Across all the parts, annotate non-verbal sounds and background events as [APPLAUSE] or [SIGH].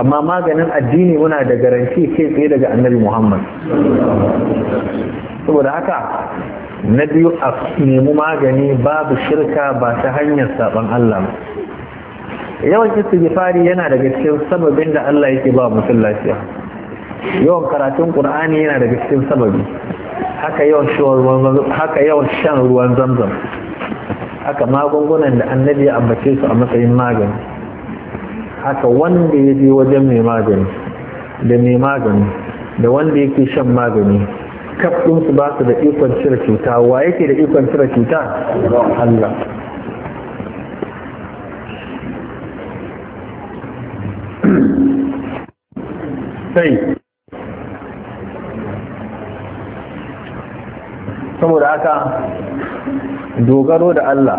amma maganin addini muna da garanti kai tsaye daga annabi muhammad saboda haka na biyu a nemi magani babu shirka ba ta hanyar saban allah yawan istighfari yana daga cikin sababin da allah yake ba mutum lafiya yawan karatun qur'ani yana daga cikin sababi haka yawan shan ruwan zamzam haka magungunan da annabi ya ambace su a matsayin magani haka wanda ya je wajen mai magani da mai magani da wanda yake shan magani kafin su ba su da ikon cire cuta wa yake da ikon cire cuta Allah [CLEARS THROAT] sai saboda haka dogaro da Allah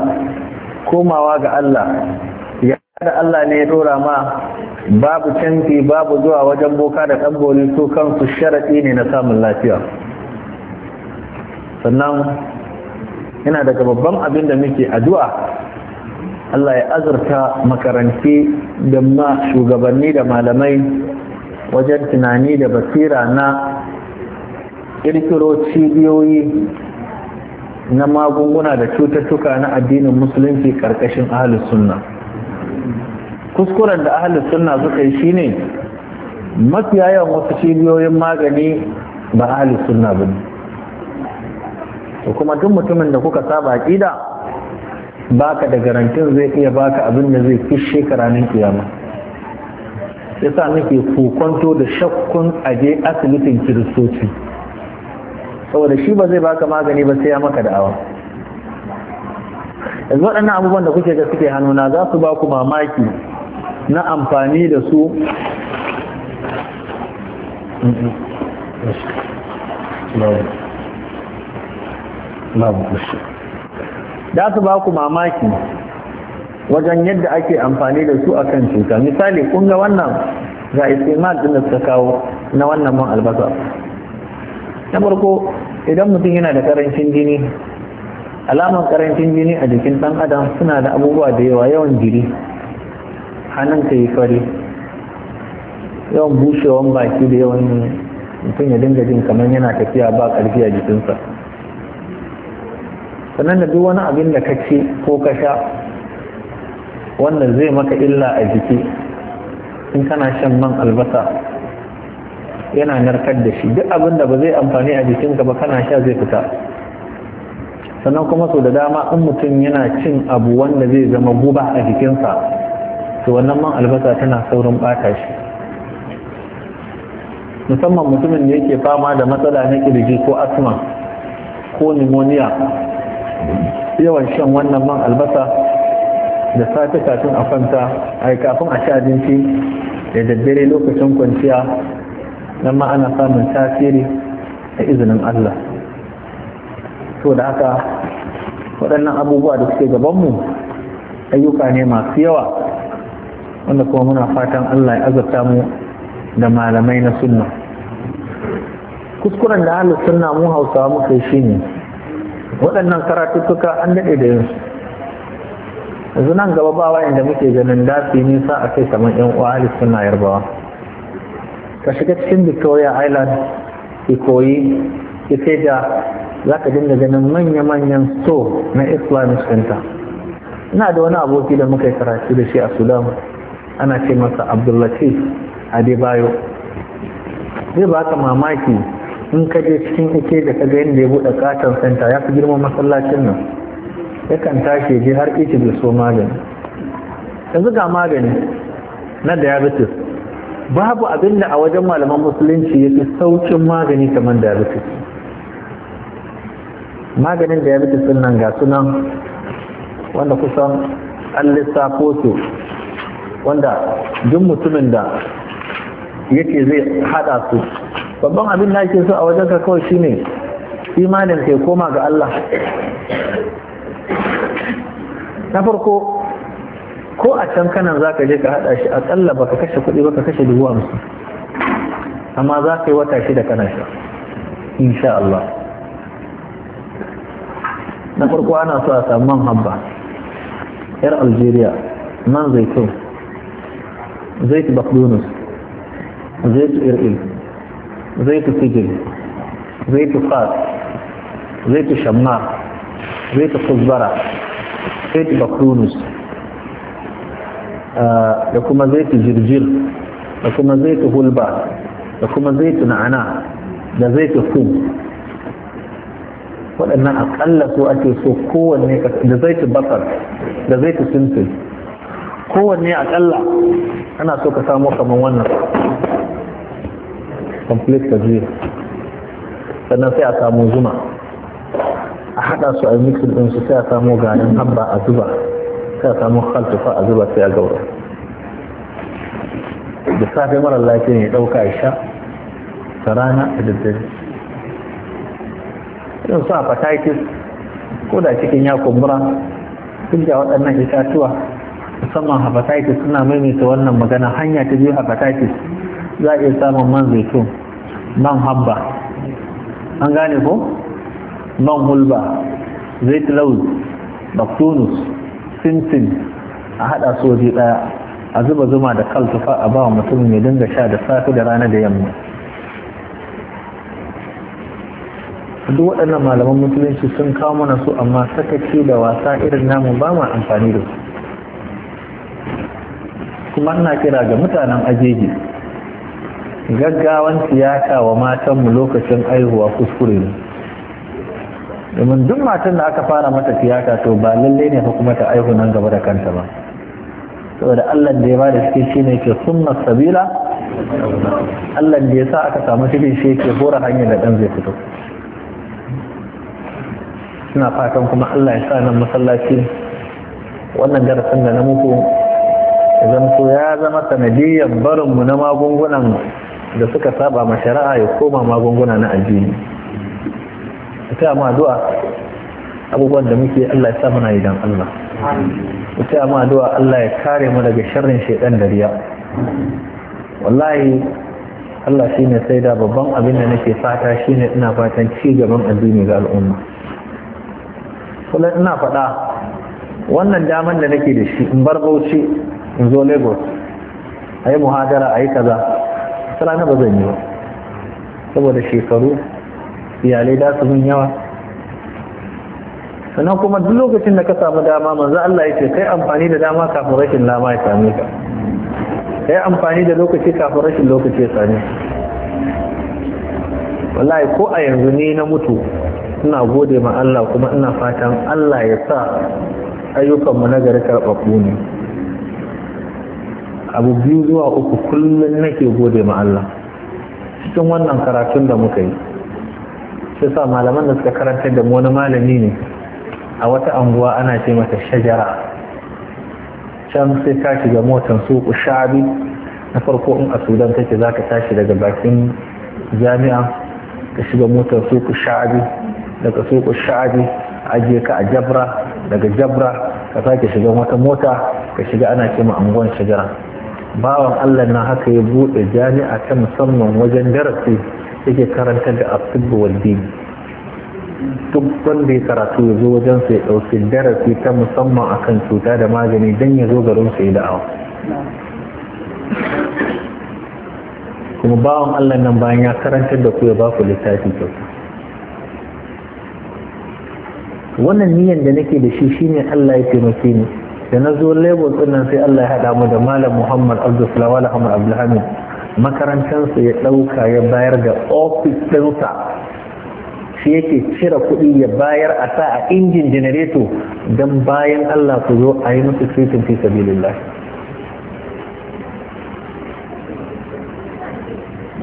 komawa ga Allah da Allah ne ya dora ma babu canji babu zuwa wajen boka da tsamboli su kansu sharaɗi ne na samun lafiya sannan yana daga babban abin da muke addu'a Allah ya azurta makaranti da ma shugabanni da malamai wajen tunani da basira na ƙirƙiro cibiyoyi na magunguna da cututtuka na addinin musulunci ƙarƙashin ahalus sunna. kuskuren da ahalin suna suka yi shine mafiya yawan wasu cibiyoyin magani ba ahalin suna ba kuma duk mutumin da kuka saba ƙida ka da garantin zai iya baka abin da zai fi shekara nan kiyama yasa nake kukwanto da shakkun aje asibitin kiristoci saboda shi ba zai baka magani ba sai ya maka da'awa yanzu waɗannan abubuwan da kuke ga suke hannuna za su ba ku mamaki na amfani da su da su ba ku mamaki wajen yadda ake amfani da su akan cuta misali ƙunga wannan ga istimal din da suka kawo na wannan man albasa na farko idan mutum yana da karancin jini alamar karancin jini a jikin ɗan adam suna da abubuwa da yawa yawan jiri hannun ka yi fari yawan bushewan baki da yawan mutum ya dinga jin kamar yana tafiya ba ƙarfi a jikinsa sannan da duk wani abin da ka ci ko ka sha wanda zai maka illa a jiki in kana shan man albasa yana narkar da shi duk abin da ba zai amfani a jikinka ba kana sha zai fita sannan kuma so da dama in mutum yana cin abu wanda zai zama guba a jikinsa to wannan man albasa tana saurin bata shi musamman mutumin da yake fama da matsala na kirji ko asma ko pneumonia yawan shan wannan man albasa da safe kafin a kwanta yi kafin a ci abinci da daddare lokacin kwanciya nan ma ana samun tasiri a izinin Allah so da haka waɗannan abubuwa da suke gabanmu ayyuka ne masu yawa wanda kuma muna fatan Allah ya azabta mu da malamai na sunna kuskuren da ahlus sunna mu hausawa muka yi shine waɗannan karatuttuka an daɗe da yin yanzu nan gaba ba wa inda muke ganin da nisa a kai kamar yan uwa ahlus sunna yarbawa ka shiga cikin victoria island ki koyi ki sai za ka dinga ganin manya-manyan so na islamic center ina da wani aboki da muka yi karatu da shi a sudan ana ce masa abdullatif adebayo zai ba ka mamaki in ka je cikin ike da ka gani da ya buɗe katon center ya fi girman masallacin nan yakan tashi ji har ice da so magani yanzu ga magani na diabetes babu abin da a wajen malaman musulunci ya fi saukin magani kamar diabetes maganin da ya miki sunan ga sunan wanda kusan allisa lissafo wanda duk mutumin da yake zai hada su babban abin da ake so a wajen ka kawai shine imanin kai koma ga Allah na farko ko a can kanan za ka je ka hada shi akalla baka kashe kuɗi ka kashe dubu hamsin amma za ka yi wata shida kana sha insha Allah na farko ana so a samu man habba yar algeria man zaitun zaitu bakdunus zaitu ir'il zaitu sigil zaitu fas zaitu shamma zaitu kuzbara zaitu bakdunus ah, da kuma zaitu jirjir da kuma zaitu hulba da kuma zaitu na'ana da zaitu kum waɗannan aƙalla su ake so kowanne da zai ci basar da zai ci simfil kowanne aƙalla ana so ka samu kamar wannan complete jiya. sannan sai a samu zuma a haɗa su a mixin ɗin su sai a samu garin habba a zuba sai a samu halittar a zuba sai a gauru. da safe marar lafiya ne ɗauka ya sha ta rana da daddare sun su hepatitis ko da cikin ya kumbura duk da waɗannan itatuwa musamman hepatitis suna maimaita wannan magana hanya ta biyu hepatitis za a iya samun man zaitun man habba an gane ko man hulba zaitlaus baktunus sintin a haɗa soji ɗaya a zuba zuma da kaltufa a bawa wa mutum mai dinga sha da safe da rana da yamma duk waɗannan malaman musulunci sun kawo mana su amma sakaci da wasa irin namu ba ma amfani da su kuma ina kira ga mutanen ajeji gaggawan tiyata wa matanmu lokacin aihuwa kuskure ne domin duk matan da aka fara mata tiyata to ba lalle ne fa kuma ta aihu nan gaba da kanta ba saboda Allah da ya ba da shi shine ke sunna sabila Allah da ya sa aka samu shirin shi ke hora hanyar da dan zai fito suna fatan kuma Allah ya sa nan masallaci wannan darasin da na muku so ya zama sanadiyyar barinmu na magungunan da suka saba ma shari'a ya koma magunguna na addini ta ma addu'a abubuwan da muke Allah ya sa muna idan Allah ta ma addu'a Allah ya kare mu daga sharrin shaidan da riya wallahi Allah shine sai da babban abin da nake fata shine ina fatan ci gaban addini ga al'umma kullum ina faɗa wannan daman da nake da shi in bar bauchi in zo lagos a yi muhadara a yi kaza sarana ba zan yi ba saboda shekaru iyalai da su mun yawa sannan kuma duk lokacin da ka samu dama manzo Allah ya ce kai amfani da dama kafin rashin lama ya same ka kai amfani da lokaci kafin rashin lokaci ya same wallahi ko a yanzu ne na mutu ina gode ma Allah kuma ina fatan Allah ya sa ayyukanmu na gari karɓaɓɓu ne abu biyu zuwa uku kullum nake gode ma Allah cikin wannan karatun da muka yi shi sa malaman da suka karantar da wani malami ne a wata anguwa ana ce mata shajara can sai ka shiga motan suku sha'abi na farko in a sudan kake za ka tashi daga bakin jami'a ka shiga motar suku sha'abi daga suku a ajiye ka a jabra daga jabra ka sake shiga wata mota ka shiga ana ce anguwan shigara bawan allah na haka ya buɗe jami'a ta musamman wajen darasi yake karanta da asibu walbini duk wanda ya karatu ya zo wajen su ya ɗauki darasi ta musamman akan cuta da magani don ya zo garin su ya da'awa kuma bawan allah nan bayan ya karanta da ku ya ba ku littafi kyauta wannan niyan da nake da shi shine Allah ya taimake ni da na zo Lagos nan sai Allah ya hada mu da Malam Muhammad Abdul abdul Ahmad Abdulhamid sa ya ɗauka ya bayar da ofis ɗinsa shi yake cire kuɗi ya bayar a sa a injin janareto don bayan Allah su zo a yi musu treating fi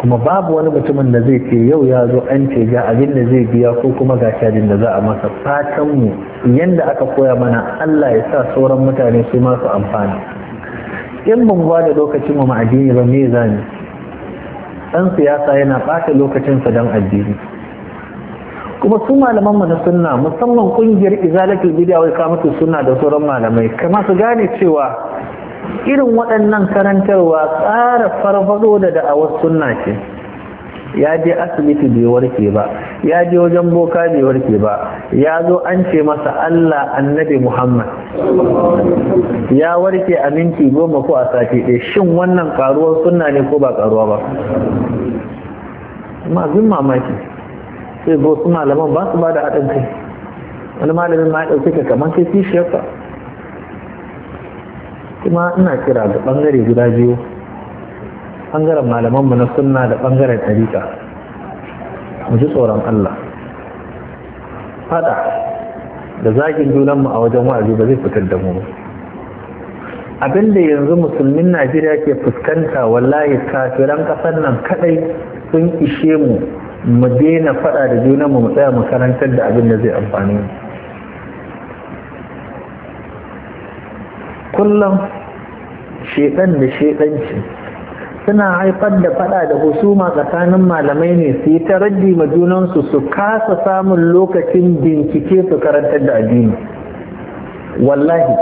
kuma babu wani mutumin da zai ce yau ya zo an ce ga abin da zai biya ko kuma ga cajin da za a masa fatan mu yanda aka koya mana Allah ya sa sauran mutane su masu amfani. amfana in mun gwada lokacin mu addini ba me zani dan siyasa yana ɓata lokacinsa don addini kuma su malaman mu na sunna musamman kungiyar izalatul bid'a wai kamatu sunna da sauran malamai kama su gane cewa irin waɗannan karantarwa ƙara farfado da da'awar sunna ce ya je asibiti bai warke ba ya je wajen boka bai warke ba ya zo an ce masa Allah annabi Muhammad ya warke a minti goma ko a sati ɗaya shin wannan karuwar sunna ne ko ba karuwa ba mazin mamaki sai go su malaman ba su ba da haɗin kai wani malamin ma ya ɗauke ka kamar kai kishiyarsa kuma ina kira ga bangare guda biyu bangaren malamanmu na sunna da bangaren tarika mu ji tsoron Allah fada da zagin junanmu a wajen wa'azi ba zai fitar da mu abin da yanzu musulmin najeriya ke fuskanta wallahi kafiran kasar nan kadai sun ishe mu mu daina fada da junanmu mu tsaya makarantar da abin da zai amfani mu kullum shekan da shekanci suna haifar da fada da husuma tsakanin malamai ne su yi taraddi ma junansu su kasa samun lokacin bincike su karantar da addini wallahi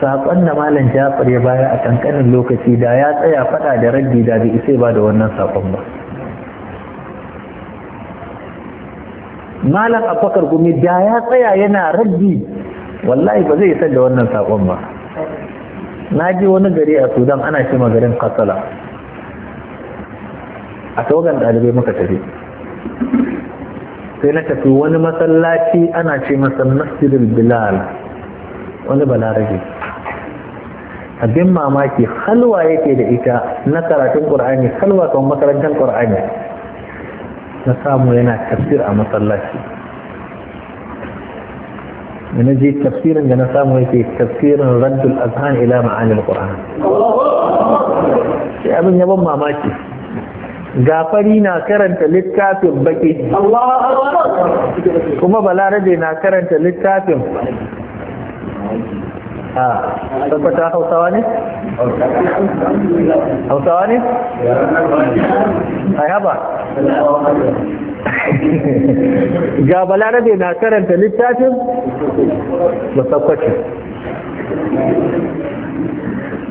saƙon da malam jafar ya baya a kankanin lokaci da ya tsaya fada da raddi da bai isai ba da wannan saƙon ba malam abakar gumi da ya tsaya yana raddi wallahi ba zai isar da wannan sakon ba na ji wani gari a sudan ana ce garin katsala a togan ɗalibai muka tafi sai na tafi wani masallaci ana ce masa masjidul bilal wani balarabe abin mamaki halwa yake da ita na karatun ƙur'ani halwa kan makarantar ƙur'ani na samu yana tafsir a masallaci نزيد تفسيرا لنفهم ويكي تفسيرا رد الأذهان إلى معاني القرآن يا ابن يبن ما ماشي غافري ناكرن تلتكات بكي الله كما بلا ردي ناكرن تلتكات آه. ها تبتا خو ثواني او ثواني هاي هبا [LAUGHS] ga balarabe na karanta littafin masakwaci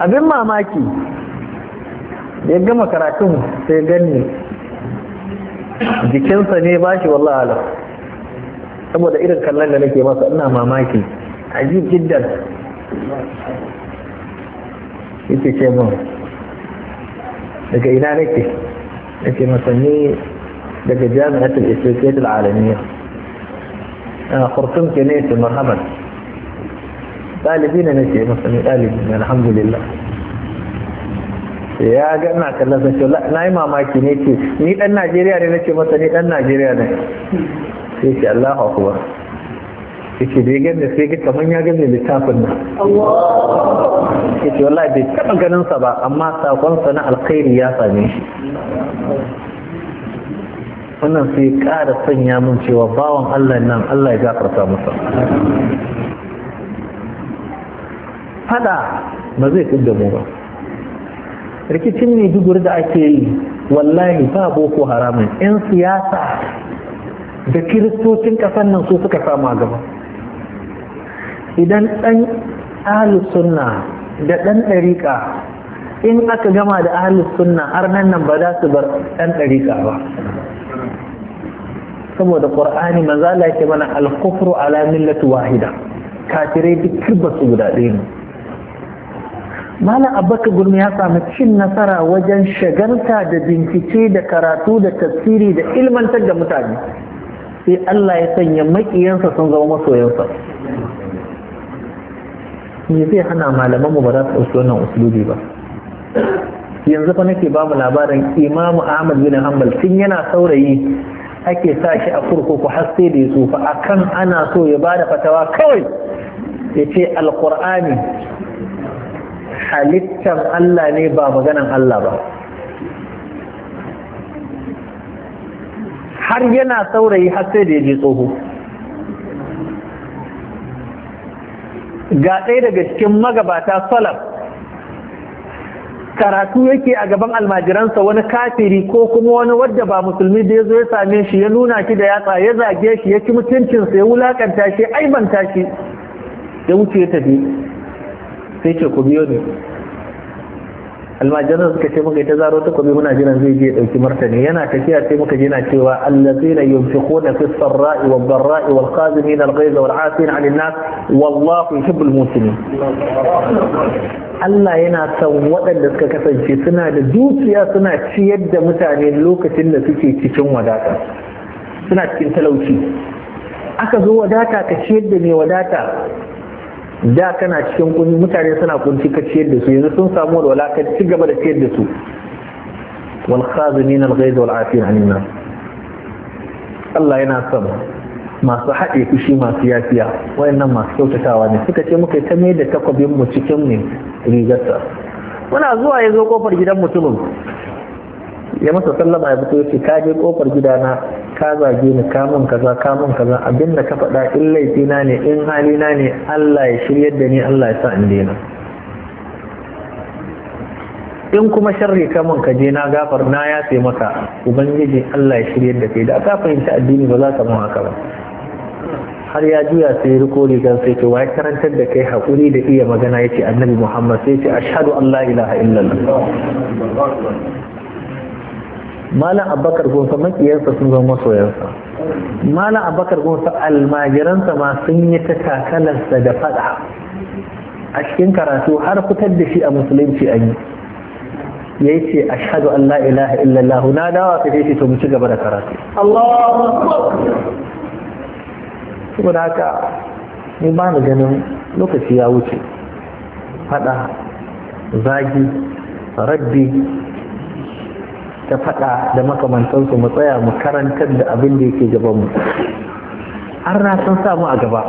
abin mamaki ya gama karatun sai gani jikinsa ne ba shi wallah ala saboda irin kallon da nake masa ina mamaki Ajiyar jiddar yake ce mun daga ina nake nake masa daga jami'atul islamiyyah alalamiya ana kurtum ke ne su marhaban ɗalibi ne nake masa ne ɗalibi ne alhamdulillah ya ga ina kallon sa ce na yi mamaki ne ce ni ɗan najeriya ne nake masa ni ɗan najeriya ne sai ce allahu akbar yake da ya gane sai ga kamar ya gane littafin nan yake wallahi bai taɓa ganin sa ba amma sakonsa na alkhairi ya same shi wannan sai ƙara sanya mun cewa bawan Allah nan Allah ya gafarta masa fada ba zai fi mu ba rikicin ne dugur da ake yi wallahi ba boko haramun 'yan siyasa da kiristocin ƙasar nan su suka samu a gaba idan ɗan sunna da ɗan ɗariƙa in aka gama da ahli sunna har nan nan ba za su bar ɗan ɗariƙa ba saboda qur'ani manzo Allah yake mana al-kufru ala millati wahida kafirai duk ba su guda ɗaya ne malam abubakar gurmi ya samu cin nasara wajen shagarta da bincike da karatu da tafsiri da ilmantar da mutane sai Allah ya sanya makiyansa sun zama masoyansa me zai hana malaman mu ba za su ɗauki wannan usulubi ba yanzu fa nake ba mu labarin imamu ahmad bin hanbal tun yana saurayi ake sa shi a kurkuku har sai da ya tsufa akan ana so ya bada fatawa kawai ya ce alkur'ani halittar Allah ne ba maganan Allah ba har yana saurayi har sai da ya je tsoho ga ɗaya daga cikin magabata salaf karatu yake a gaban almajiransa wani kafiri ko kuma wani wadda ba musulmi da ya zo ya same shi ya nuna shi da yatsa ya zage shi ya ci mutuncinsa ya wulakanta shi aibanta shi ya wuce ya tafi sai ce ku biyo ne almajiran suka ce muka ta zaro ta kwabi muna jiran zai je dauki martani yana tafiya sai muka jina cewa allazina yunfiquna fi sarra'i wal dharra'i wal qazimin al ghayza wal 'afin an nas wallahu yuhibbul muslimin Allah yana son waɗanda suka kasance suna da dukiya suna ciyar da mutane lokacin da suke cikin wadata suna cikin talauci aka zo wadata ka ciyar da mai wadata da kana cikin kunci mutane suna kunci ka ciyar da su yanzu sun samu wala ka ci gaba da ciyar da su wal khazimin al ghaiz wal afin an nas Allah yana son masu haɗe fushi masu yafiya wayannan masu kyautatawa ne suka ce muka ta mai da takwabin mu cikin ne rigarsa muna zuwa ya zo kofar gidan mutumin ya masa sallama ya fito ce ka je kofar gidana ka zage ni ka mun kaza ka mun kaza abin da ka faɗa in laifina ne in halina ne Allah ya shiryar da ni Allah ya sa in daina in kuma sharri ka mun ka je na gafar na ya sai maka ubangiji Allah ya shiryar da kai da ka fahimci addini ba za ka mun haka ba har ya juya sai ya riko rigar sai ce wai karantar da kai hakuri da iya magana yace annabi Muhammad sai ce ashhadu an la ilaha illallah malam abakar gonsa makiyarsa sun zama masoyarsa malam abakar gonsa almajiransa ma sun yi ta takalarsa da fada a cikin karatu har fitar da shi a musulunci a yi ya ce a shaɗu Allah ilaha illallah na dawa ka shi to mu ci gaba da karatu saboda haka ni ba ni ganin lokaci ya wuce fada zagi rabbi ta faɗa da makamantansu mu tsaya mu karantar da abin da yake gabanmu an rasan samu a gaba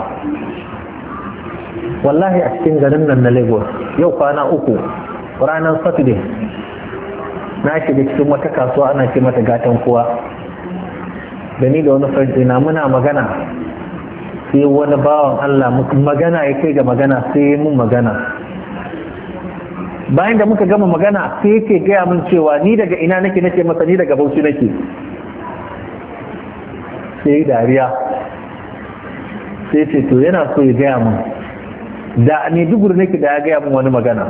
wallahi a cikin garin nan na lagos yau kwana uku ranar saturday na shiga cikin wata kasuwa ana ce mata gatan kuwa da ni da wani farji muna magana sai wani bawan allah magana ya kai ga magana sai mun magana bayan da muka gama magana sai yake gaya min cewa ni daga ina nake nake masa ni daga bauchi nake sai dariya sai ce to yana so ya gaya min da ne dubur nake da ya gaya min wani magana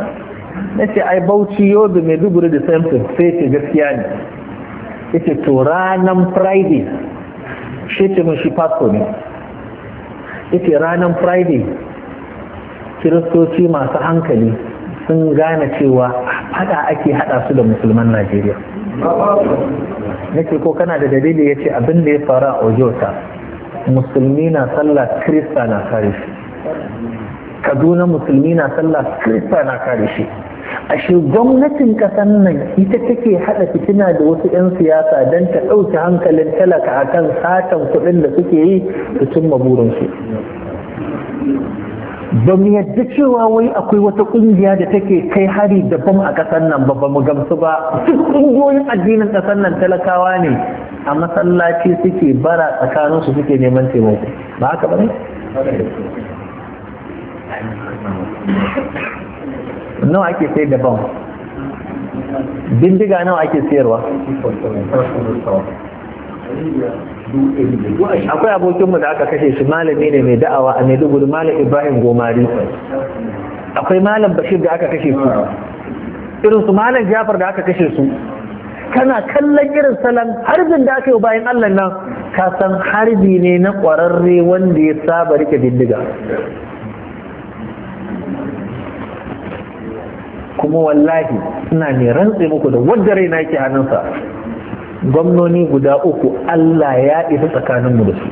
na ce ai bauchi yau da mai dubur da samfin sai ce gaskiya ne yace to ranan friday shi ce min shi pastor ne yace ranan friday kiristoci masu hankali sun gane cewa hada ake hada su da musulman najeriya nake ko kana da dalili ya ce abin da ya faru a ojota musulmi na sallah krista na kare shi kaduna musulmi na sallah krista na kare shi ashe gwamnatin kasan nan ita take hada fitina da wasu 'yan siyasa don ta ɗauki hankalin talaka akan satan kuɗin da suke yi su cimma burinsu ba mu yadda cewa wai akwai wata ƙungiya da take kai hari daban a ƙasar nan ba ba mu gamsu ba duk kungiyoyin addinin ƙasar nan talakawa ne a masallaci suke bara tsakanin su suke neman taimako ba haka ba ne nawa ake sai daban bindiga nawa ake sayarwa akwai abokinmu da aka kashe shi malami ne mai da'awa a maiduguri malam ibrahim gomari akwai malam bashir da aka kashe su irin su malam jafar da aka kashe su kana kallon irin salon harbin da aka yi bayan allah nan ka san harbi ne na kwararre wanda ya saba rike bindiga kuma wallahi suna ne rantse muku da wadda raina yake hannunsa gwamnoni guda uku Allah ya isa tsakaninmu da su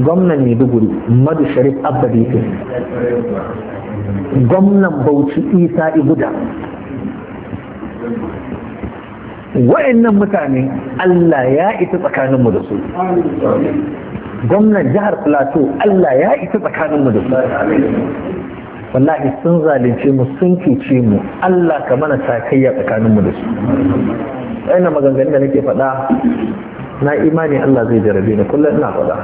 gwamnan Maiduguri Madu Sharif Abba gwamnan Bauchi Isa Iguda wa'annan mutane Allah ya isa tsakaninmu da su gwamnan jihar Plateau Allah ya isa tsakaninmu da su wallahi sun zalunce mu sun cuce mu Allah ka mana tsakanin tsakaninmu da su wannan maganganun da nake faɗa na imani Allah zai jarabe ni kullum ina faɗa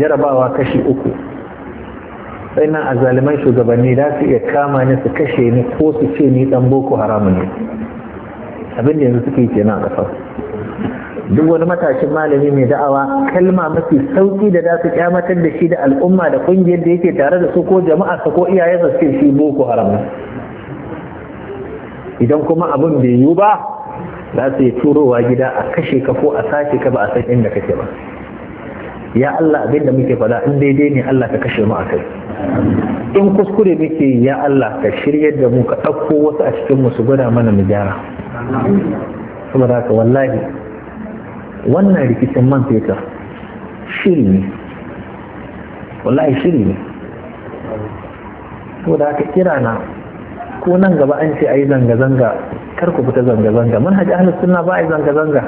jarabawa kashi uku sai nan a shugabanni za su iya kama ni su kashe ni ko su ce ni dan boko haramun ne abin da yanzu suke kenan a ƙasar duk wani matashin malami mai da'awa kalma mafi sauki da za su kyamatar da shi da al'umma da kungiyar da yake tare da su ko jama'a ko iyayensa ce shi boko haram idan kuma abin bai yiwu ba za su yi turowa gida a kashe ka ko a sace ka ba a san inda kake ba ya Allah abin da muke faɗa in daidai ne Allah ka kashe mu a kai in kuskure muke ya Allah ka shiryar da mu ka ɗauko wasu a cikin su gwada mana mu gyara saboda haka wallahi wannan rikicin man fetur shiri ne wallahi shiri ne saboda haka kira na ko nan gaba an ce a yi zanga-zanga kar ku fita zanga-zanga manhaji ahlus sunna ba a yi zanga-zanga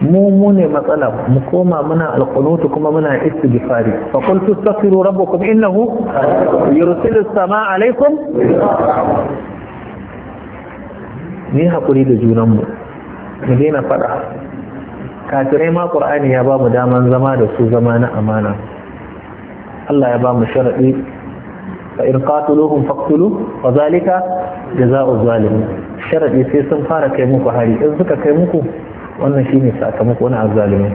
mu mu ne matsala mu koma muna alqunutu kuma muna istighfari fa qul tastaghfiru rabbakum innahu yursilu as alaykum ni hakuri da junan mu mu daina fada kafirai ma qur'ani ya ba mu daman zama da su zama na amana Allah ya ba mu sharadi fa in qatuluhum faqtulu wa zalika jazaa'u zalimin sharadi sai sun fara kai muku hari in suka kai muku wannan shine sakamako na azzalimi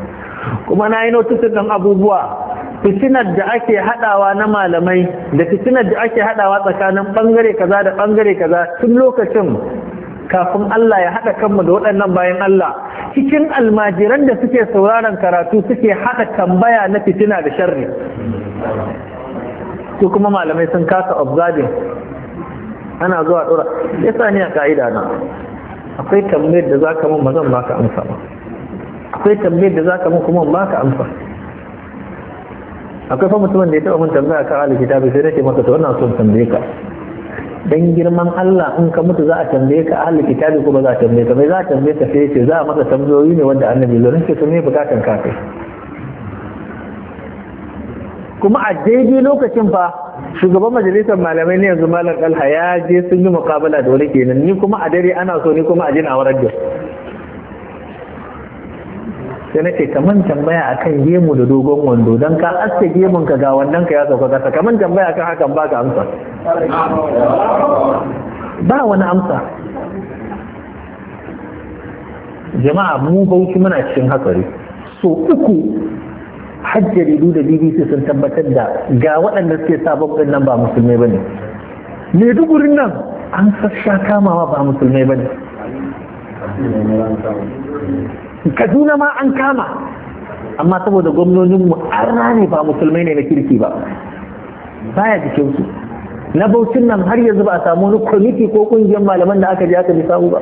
kuma na yi notisin abubuwa fitinar da ake haɗawa na malamai da fitinar da ake haɗawa tsakanin ɓangare kaza da ɓangare kaza tun lokacin kafin Allah ya haɗa kanmu da waɗannan bayan Allah cikin almajiran da suke sauraron karatu suke haɗa tambaya na fitina da sharri su kuma malamai sun kasa observing ana zuwa dora sa ni a ka'ida na akwai tambayar da za ka mun ba ka amsa ba akwai tambayar da za ka mun kuma ba ka amsa akwai fa mutumin da ya taba mun tambaya kan ahli kitabi sai nake maka to wannan son tambaye ka dan girman Allah in ka mutu za a tambaye ka ahli kitabi ko ba za a tambaye ka mai za a tambaye ka sai ce za a maka tambayoyi ne wanda annabi lorin nake to ne bukatan ka kai kuma a daidai lokacin fa shugaban majalisar malamai ne yanzu malam ɗalha ya je sun yi mukabala da wani kenan ni kuma a dare ana so ni kuma a jin a warar da sai nake kaman tambaya a kan gemu da dogon wando don ka aske gemun ka ga wannan ka ya sauka kasa kaman tambaya akan hakan ba ka amsa ba wani amsa jama'a mu bauchi muna cikin hatsari so uku har jaridu da bbc sun tabbatar da ga waɗanda suke sa babban nan ba musulmai ba ne maidugurin nan an sassa kamawa ba musulmai ba ne kaduna ma an kama amma saboda gwamnoninmu an rane ba musulmai ne na kirki ba baya su na bautin nan har yanzu ba a samu wani kwamiti ko kungiyar malaman da aka je aka bi samu ba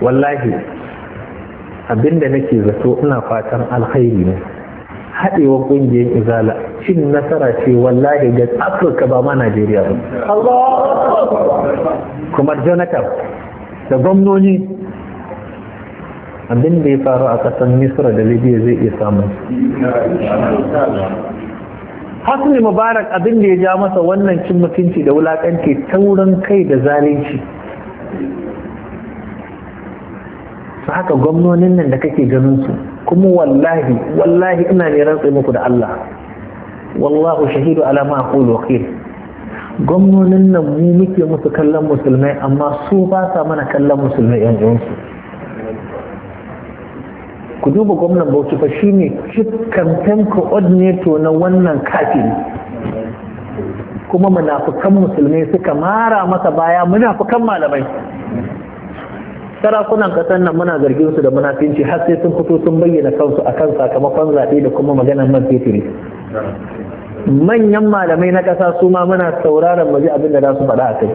wallahi abinda nake zato ina fatan alkhairi ne haɗewa ƙungiyar izala cin nasara ce wallahi ga afirka ba ma najeriya ba kuma jonathan da gwamnoni abin da ya faru a ƙasar misra da libya zai iya samun hasmi mubarak abin da ya ja masa wannan cin mutunci da wulaƙanci taurin kai da zalunci su haka gwamnonin nan da kake ganin su kuma wallahi wallahi ina ne rantsa muku da Allah wallahu shahidu ala ma aqulu wakil gwamnonin nan mu muke musu kallon musulmai amma su ba sa mana kallon musulmai yan uwansu ku duba gwamnan bauchi fa shine cikkan campaign coordinator na wannan kafin kuma munafukan musulmai suka mara masa baya munafukan malamai sarakunan ƙasar nan muna zargin su da munafinci har sai sun fito sun bayyana kansu a kan sakamakon zaɓe da kuma maganar man fetiri manyan malamai na ƙasa su ma muna sauraron maji abin da za su faɗa a kai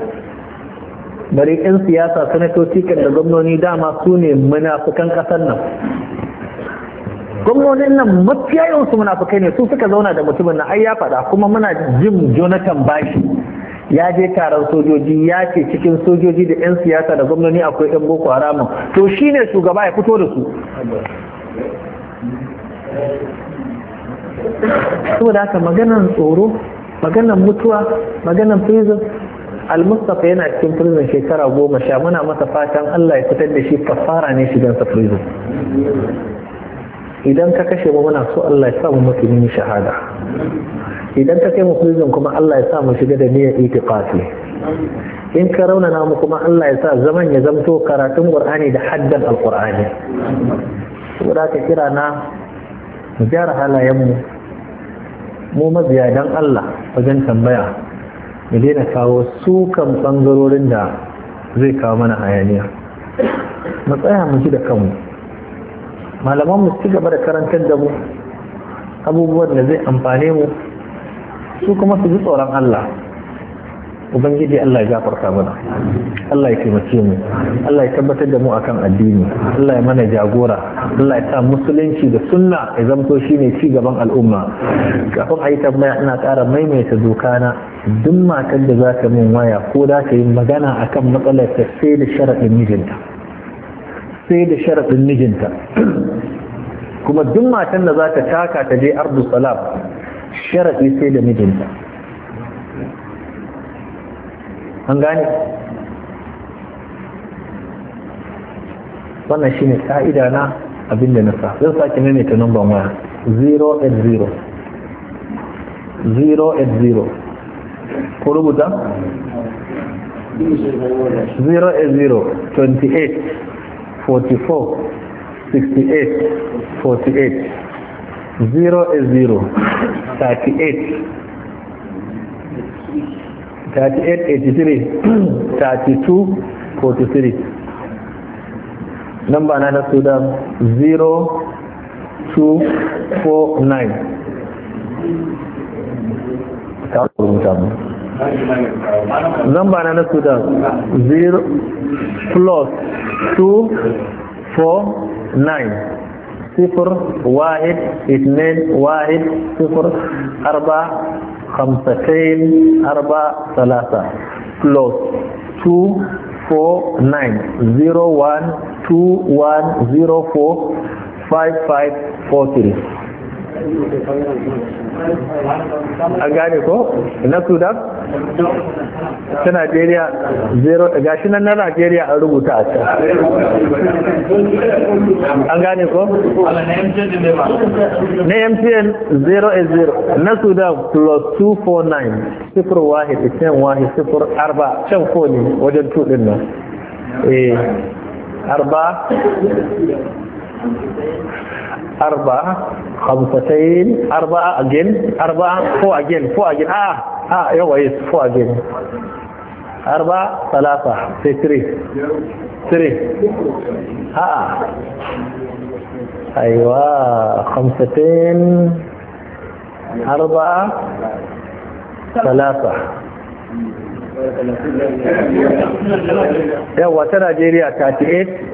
bari 'yan siyasa sanatoci kan da gwamnoni dama su ne munafukan ƙasar nan gwamnonin nan mafiya yawansu munafukai ne su suka zauna da mutumin na ai ya faɗa kuma muna jin jonathan bashi ya je taron sojoji ya ce cikin sojoji da 'yan siyasa da gwamnoni akwai 'yan boko haramun to shi ne shugaba ya fito da su saboda haka maganan tsoro maganan mutuwa maganan prison al yana cikin prison shekara goma sha muna masa fatan allah ya fitar da shi kafara ne sa prison idan ka kashe ba muna so allah ya samu mutumin shahada idan ta kai mu kuma Allah ya sa mu shiga da niyyar itifati in ka raunana mu kuma Allah ya sa zaman ya zamto karatun Qur'ani da haddan alqur'ani qurani saboda ka kira na mu gyara halayen mu mu maziya dan Allah wajen tambaya mu daina kawo sukan bangarorin da zai kawo mana hayaniya mu tsaya mu ji da kanmu malaman mu ci gaba da karantar da mu abubuwan da zai amfane mu su kuma su ji tsoron Allah ubangiji Allah ya gafarta mana Allah ya taimake mu Allah ya tabbatar da mu akan addini Allah ya mana jagora Allah ya sa musulunci da sunna ya zamto shine ci gaban al'umma kafin a yi tambaya ina ƙara maimaita dokana duk matar da za ka min waya ko da ka yi magana akan matsalar ta sai da sharaɗin mijinta sai da sharaɗin mijinta kuma duk matan da za ta taka ta je ardu salam sharaɗi sai da mijinta an gane wannan shi ne ƙa'ida na abin da nasa zai sake nane ta numban waya 080 080 ko rubuta 080 28 44 zero is zero thirty eight thirty eight eighty three [CLEARS THROAT] sudan zero two four nine Number nine mu zero plus two four nine صفر واحد اثنين واحد صفر أربعة خمستين أربعة ثلاثة plus two four nine zero one two one zero four five five four three an gane ko na sudan ta nigeria zero ga shi nan na nigeria an rubuta a can an gane ko na mtn 0 na sudan plus 249 sifir wahid can wahid sifir arba can ko ne wajen tudin nan eh arba أربعة خمستين أربعة أجن أربعة فو أجن فو أجن آه آه يو ويس فو أجن أربعة ثلاثة في ثري ثري آه أيوة خمستين أربعة ثلاثة يو وترى جيريا 38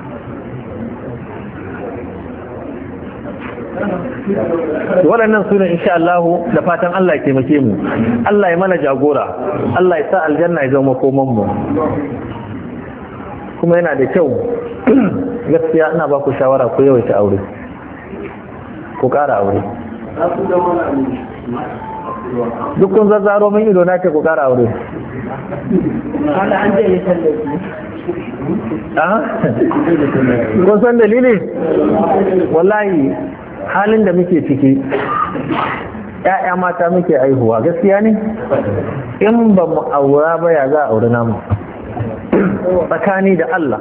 waɗannan sunan insha Allah da fatan Allah ya taimake mu Allah ya mana jagora Allah ya sa aljanna ya zama koman mu kuma yana da kyau [CLEARS THROAT] gaskiya ina ba ku shawara ku yawaita aure ku ƙara aure duk kun zazzaro min ido na ce ku ƙara aure ah? [LAUGHS] kun san dalili wallahi halin da muke ciki ‘ya'ya mata muke aihuwa gaskiya ne in ba mu aura ba ya za a auri namu tsakani da Allah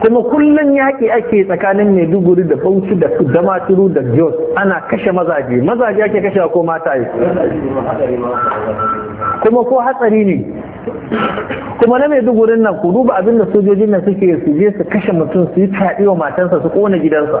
kuma kullum yaƙi ake tsakanin maiduguri da bauchi da damaturu da jos ana kashe mazaje mazaje ake kashe ko mata yi kuma ko hatsari ne kuma na maidugurin nan ku duba abin da sojojin nan suke su su kashe mutum su yi taɗi wa matansa su ƙona gidansa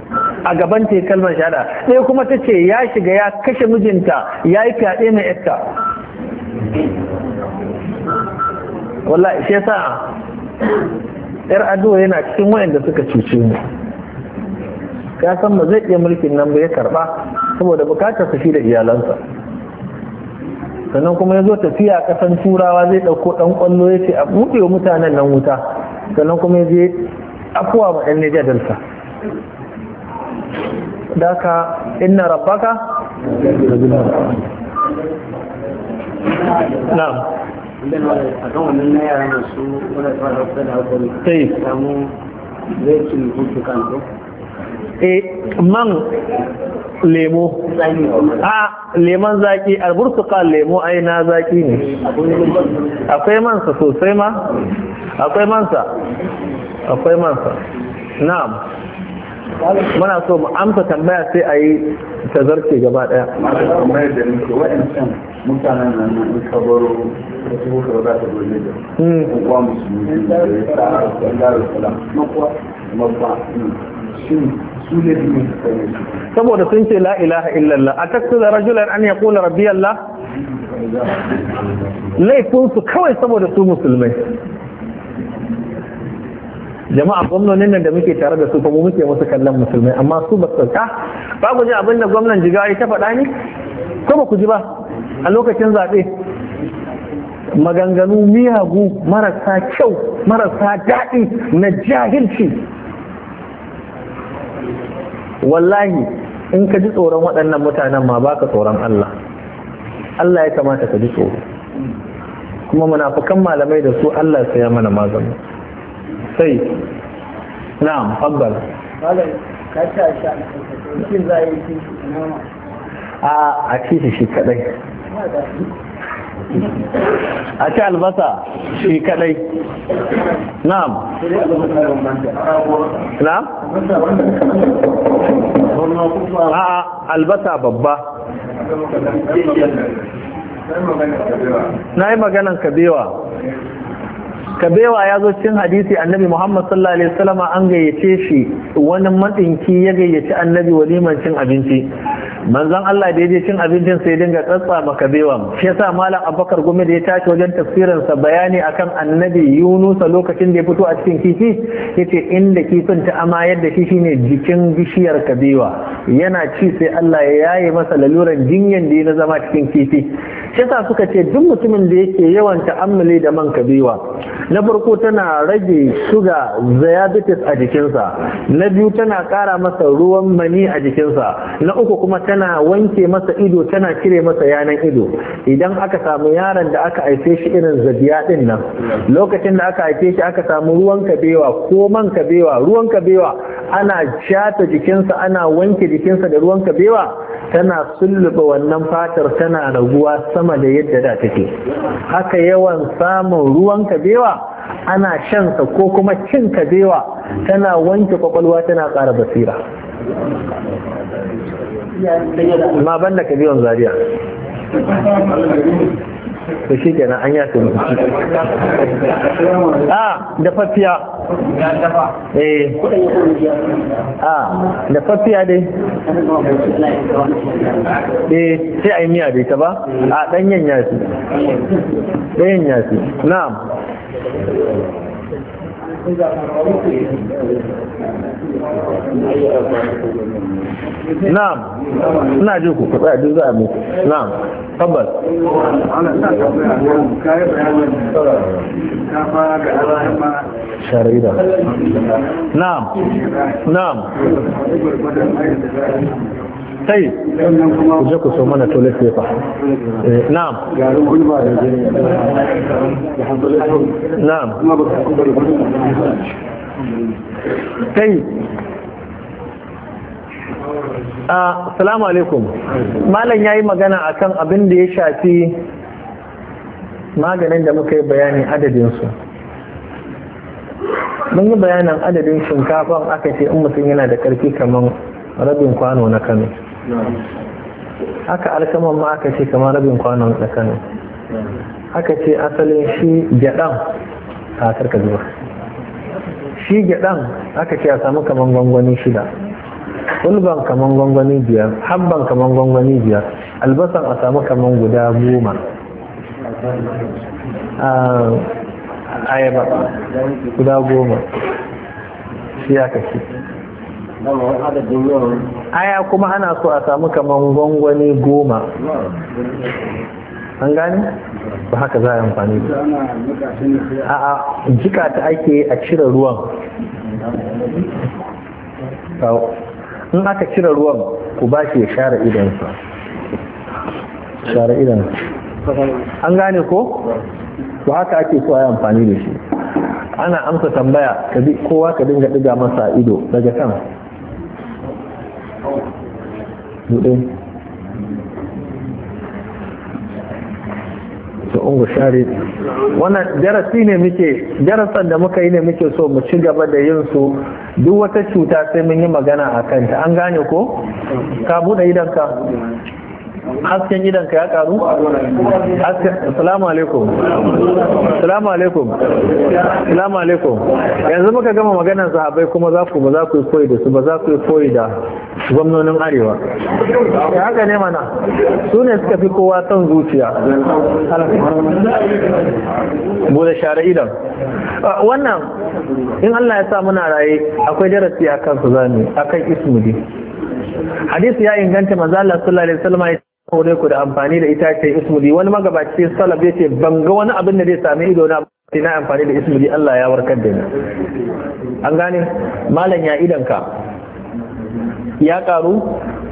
a gaban ta kalmar shada ɗaya kuma ta ce ya shiga ya kashe mijinta ya yi fyaɗe mai yarta wallahi shi yasa yar addu'a yana cikin wayanda suka cuce mu ya san ba zai iya mulkin nan ba ya karba saboda bukatar shi da iyalansa sannan kuma ya zo tafiya kasan turawa zai ɗauko ɗan ƙwallo ya ce a buɗe mutanen nan wuta sannan kuma ya je afuwa ma ɗan nijar dalsa daka inna rabbaka na'am a kan na wadda e eh, man lemo a ah, leman zaki alburtuka lemo ai na zaki ne akwai mansa sosai ma akwai mansa akwai mansa na'am muna so mu amsa tambaya sai a yi ta zarke gaba daya hmm. hmm. saboda sun ce la ilaha illallah a taksu da rajulan an ya kula rabbi laifinsu kawai saboda su musulmai jama'a gwamnonin nan da muke tare da su fa muke musu kallon musulmai amma su ba su ka ba ku ji abin da gwamnan jigawa ta faɗa ne ko ba ku ji ba a lokacin zaɓe maganganu miyagu marasa kyau marasa daɗi na jahilci wallahi in ka ji tsoron waɗannan mutanen ma baka tsoron Allah Allah ya kamata ka ji tsoro kuma munafukan malamai da su Allah ya saya mana maganin sai na'am fabbal a ci shi shi kadai a ci albasa shi kadai na'am na'am a albasa babba na yi maganan kabewa kabewa ya zo cikin hadisi annabi muhammad sallallahu alaihi wasallam an gayyace shi wani matsinki ya gayyaci annabi waliman cin abinci manzon Allah da je cin abincin sai dinga tsatsa ma kabewa shi yasa malam Abakar gumi da ya tashi wajen tafsirin sa bayani akan annabi yunusa lokacin da ya fito a cikin kifi yace inda kifin ta amayar da shi shine jikin bishiyar kabewa yana ci sai Allah ya yaye masa laluran jinyan da ya zama cikin kifi shi sa suka ce duk mutumin da yake yawan ta'ammali da man kabewa na farko tana rage suga diabetes a jikinsa na biyu tana kara masa ruwan mani a jikinsa na uku kuma tana wanke masa ido tana cire masa yanan ido idan aka samu yaron da aka haife shi irin zabiya din nan lokacin da aka haife shi aka samu ruwan kabewa ko man kabewa ruwan kabewa ana shata jikinsa ana wanke jikinsa da ruwan kabewa tana sulluɓa wannan fatar tana raguwa sama da yadda da take haka yawan samun ruwan kabewa ana shan shansa ko kuma cin kabewa tana wanke kwakwalwa tana ƙara basira ma banda kabewan zariya to shi kenan an yafe musu [LAUGHS] ah da fafiya eh ah da fafiya dai eh sai ai miya dai ta ba a ɗanyen yafi ɗanyen yafi na'am na'am ina ji ku kuɗa duk za a muku na'am tabbas na'am na'am kai ah, assalamu alaikum malam ya yi magana a kan abin da ya shafi maganin da muka yi bayanin adadinsu mun yi bayanin adadin shinkafa aka ce in mutum yana da ƙarfi kamar rabin kwano na kano haka alkaman ma aka ce kamar rabin kwano na kano aka ce asalin shi gyaɗan a zuwa shi gyaɗan aka ce a samu kaman gwangwani shida ulban kaman gwangwani biyar habban kaman gwangwani biyar albasan a samu kaman guda goma ayaba guda goma shi aka ce aya kuma ana so a samu kaman gwangwani goma an gane ba haka za a yi amfani a a jika ta ake a cire ruwan in aka cire ruwan ku ba shi ya share idansa share idansa an gane ko ba haka ake so a yi amfani da shi ana amsa tambaya kowa ka dinga diga masa ido daga kan su ungu share wannan darasi ne muke darasan da muka yi ne muke so mu ci gaba da yin su duk wata cuta sai mun yi magana a kanta an gane ko ka buɗe idanka hasken gidanka ya karu assalamu alaikum assalamu alaikum assalamu alaikum yanzu muka gama maganar sahabai kuma za ku ba za ku yi koyi da su ba za ku koyi da gwamnonin arewa ya haka ne mana su ne suka fi kowa son zuciya bude share idan wannan in Allah ya sa muna raye akwai darasi akan su zami akan ismudi hadisi ya inganta manzo Allah sallallahu alaihi wasallam ko ku da amfani da itace ismuli wani magabaci salaf yace ban ga wani abin da zai sami ido na sai na amfani da ismuli Allah ya warkar da ni an gane malam ya idan ka ya karu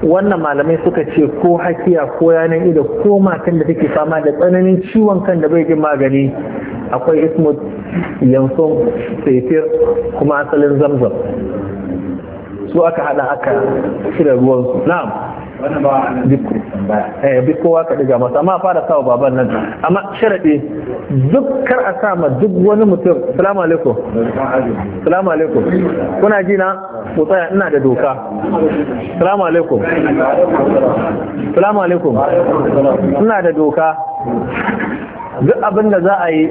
wannan malamai suka ce ko hakiya ko yanan ido ko matan da take fama da tsananin ciwon kan da bai jin magani akwai ismu yanson saitir kuma asalin zamzam su aka hada aka shirya ruwan na'am Eh, duk kowa ka ɗiga masu amma fara sawa baban nan amma sharaɗi duk kar a sama duk wani mutum salamu alaikum salamu alaikum kuna ji na ku tsaya ina da doka salamu alaikum salamu alaikum ina da doka duk abin da za a yi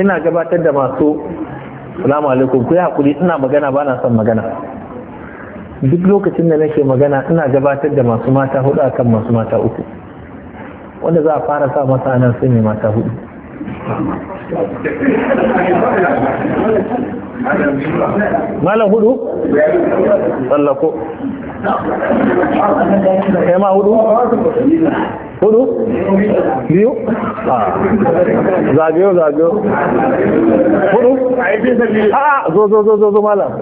ina gabatar da masu salamu alaikum ku yi hakuri ina magana ba na son magana duk lokacin da nake magana ina gabatar da masu mata hudu a kan masu mata uku wanda za a fara sa masa nan sai mai mata hudu malam hudu? tsallako kai ma hudu? hudu? biyu? Ah. zagayo zagayo hudu? a zo zo zo zo malam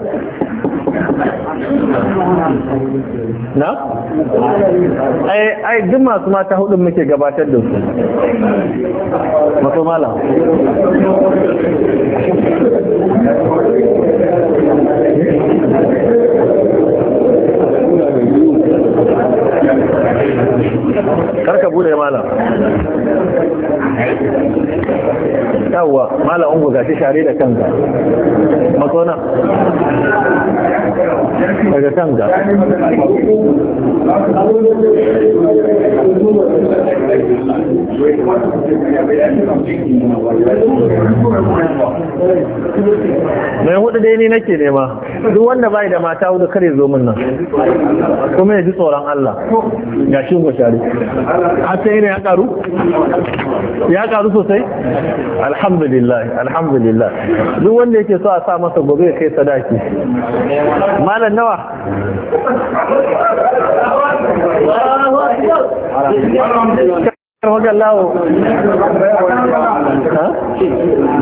na? ai duk masu mata hudun muke gabatar da su masu mala Thank karka bude mala yawwa mala ungu shi share da kanka masona daga kanka mai hudu dai ni nake nema duk wanda bai da mata hudu kare zo min nan kuma ya ji tsoron Allah ga shi bashari har sai ne ya karu ya karu sosai alhamdulillah alhamdulillah duk wanda yake so a sa masa gobe kai sadaki malam nawa Allahu رضي الله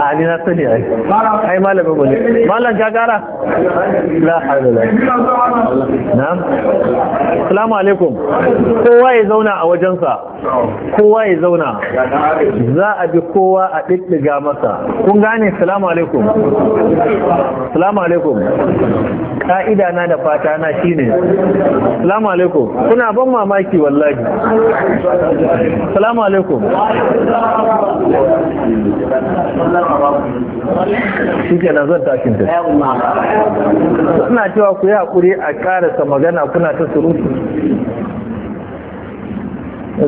علي ناسني kowa ya zauna a wajensa kowa ya zauna za a bi kowa a ɗiɗɗiga masa kun gane salamu alaikum salamu alaikum ka'ida na da fata na shine salamu alaikum kuna ban mamaki wallahi salamu السلام عليكم shike zan suna cewa ku yi haƙuri a ƙarasa magana kuna ta surutu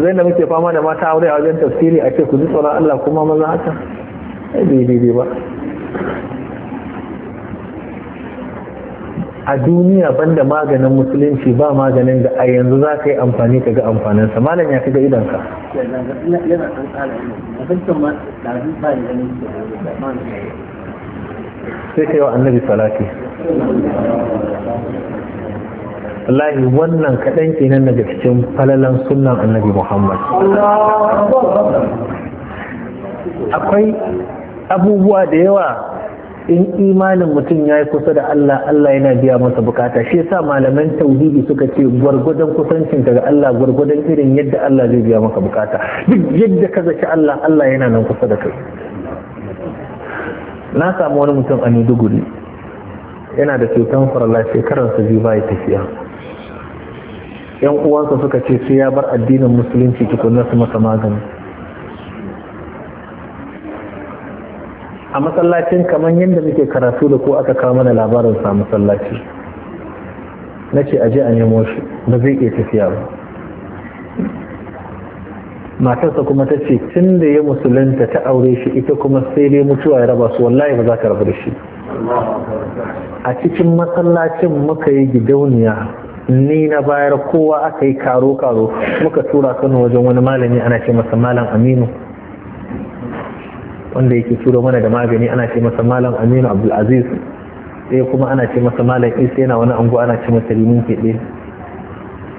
zai da muke fama da mata aure a wajen tafsiri a ce ku ji tsoron Allah kuma maza haka daidai ba a duniya banda maganin musulunci ba maganin da a yanzu za ka yi amfani ka ga amfanin sa malam ya kaga idan ka sai ka yi wa annabi salati wallahi wannan kaɗan kenan daga cikin falalan sunan annabi muhammad akwai abubuwa da yawa in imanin mutum ya yi kusa da Allah Allah yana biya masa bukata shi yasa malaman tauhidi suka ce gwargwadon kusancin daga Allah gwargwadon irin yadda Allah zai biya maka bukata duk yadda ka zaci Allah Allah yana nan kusa da kai na samu wani mutum a Maiduguri yana da cutar farla shekarar sa biyu bai tafiya yan uwansa suka ce sai ya bar addinin musulunci tukunna su masa magani a masallacin kamar yadda muke karatu da ko aka kawo mana labarin sa masallaci na ce aje a nemo shi ba zai iya tafiya ba matarsa kuma ta ce tun da ya musulunta ta aure shi ita kuma sai dai mutuwa ya raba su wallahi ba za ta rabu da shi a cikin masallacin muka yi gidauniya ni na bayar kowa aka yi karo-karo muka tura kano wajen wani malami ana ce masa malam aminu wanda yake turo mana da magani ana ce masa malam aminu abdulaziz sai kuma ana ce masa malam isa yana wani ango ana ce masa limin keɗe